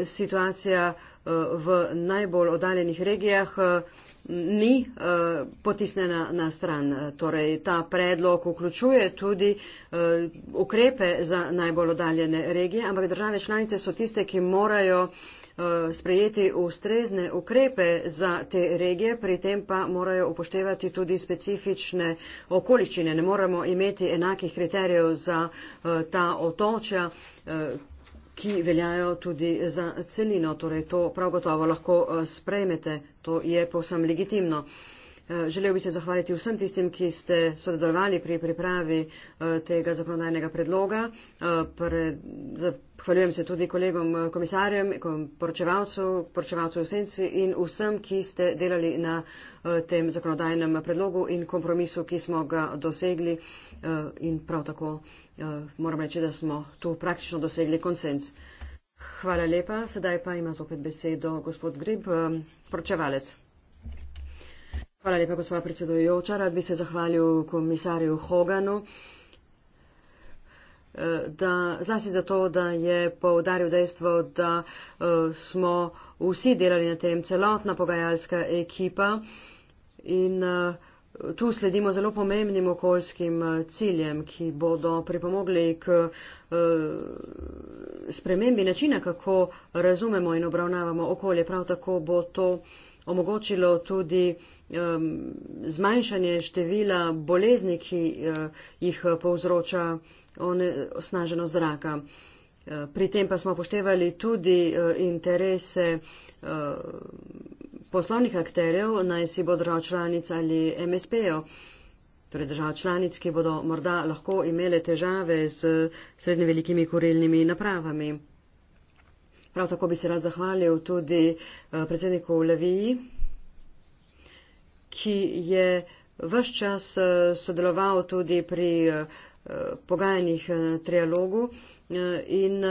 Speaker 3: situacija v najbolj oddaljenih regijah ni uh, potisnjena na stran. Torej, ta predlog vključuje tudi uh, ukrepe za najbolj oddaljene regije, ampak države članice so tiste, ki morajo eh, sprejeti ustrezne ukrepe za te regije, pri tem pa morajo upoštevati tudi specifične okoliščine. Ne moramo imeti enakih kriterijev za ta otočja, ki veljajo tudi za celino. Torej, to prav gotovo lahko eh, sprejmete, to je povsem legitimno. Eh, želel bi se zahvaliti vsem tistim, ki ste sodelovali pri pripravi eh, tega zakonodajnega predloga. Eh, zahvaljujem se tudi kolegom komisarjem, poročevalcu, poročevalcu v senci in vsem, ki ste delali na tem zakonodajnem predlogu in kompromisu, ki smo ga dosegli. In prav tako moram reči, da smo tu praktično dosegli konsens. Hvala lepa. Sedaj pa ima zopet besedo gospod Grib, poročevalec. Hvala lepa, gospod predsedujoča. Rad bi se zahvalil komisarju Hoganu. Eh, da, zlasti zato, da je povdaril dejstvo, da eh, smo vsi delali na tem, celotna pogajalska ekipa in uh, Tu sledimo zelo pomembnim okoljskim eh, ciljem, ki bodo pripomogli k eh, spremembi načina, kako razumemo in obravnavamo okolje. Prav tako bo to omogočilo tudi zmanjšanje števila bolezni, ki eh, jih povzroča osnaženo zraka. Pri tem pa smo poštevali tudi interese poslovnih akterjev, naj si bo držav članic ali MSP-jev, torej držav članic, ki bodo morda lahko imele težave z srednje velikimi kurilnimi napravami. Prav tako bi se rad zahvalil tudi eh, predsedniku Leviji, ki je vse čas eh, sodeloval tudi pri eh, pogajanjih trialogu in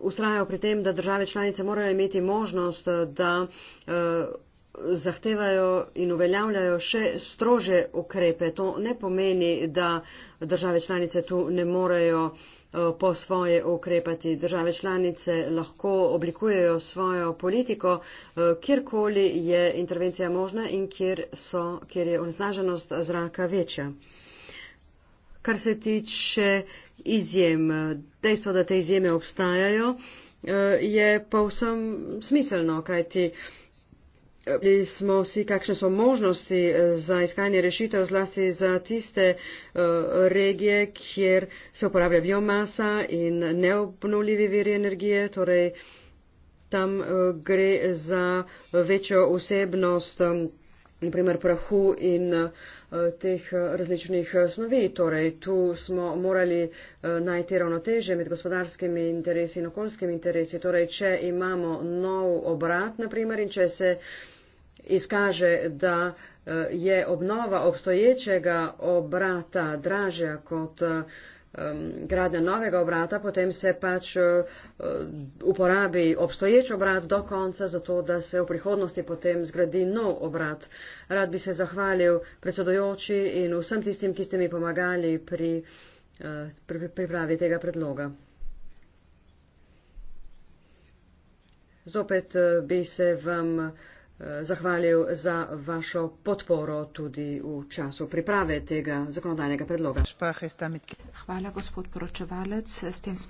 Speaker 3: ustrajajo pri tem, da države članice morajo imeti možnost, da eh, zahtevajo in uveljavljajo še strože ukrepe. To ne pomeni, da države članice tu ne morejo eh, po svoje ukrepati. Države članice lahko oblikujejo svojo politiko, eh, kjerkoli je intervencija možna in kjer, so, kjer je onesnaženost zraka večja kar se tiče izjem, dejstvo, da te izjeme obstajajo, eh, je pa vsem smiselno, kajti eh, smo si, kakšne so možnosti eh, za iskanje rešitev, zlasti za tiste regije, kjer se uporablja biomasa in neobnovljivi viri energije, torej tam gre za večjo vsebnost naprimer prahu in eh, teh eh, različnih eh, snovi. Torej, tu smo morali najti ravnoteže med gospodarskimi interesi in okoljskimi interesi. Torej, če imamo nov obrat, naprimer, in če se izkaže, da je obnova obstoječega obrata dražja kot um, gradnja novega obrata, potem se pač uh, uh, uporabi obstoječ obrat do konca, zato da se v prihodnosti potem zgradi nov obrat. Rad bi se zahvalil predsedojoči in vsem tistim, ki ste mi pomagali pri uh, pripravi tega predloga. Zopet uh, bi se vam. Uh, Eh, zahvalil za vašo podporo tudi v času priprave tega zakonodajnega predloga. Hvala, gospod poročevalec.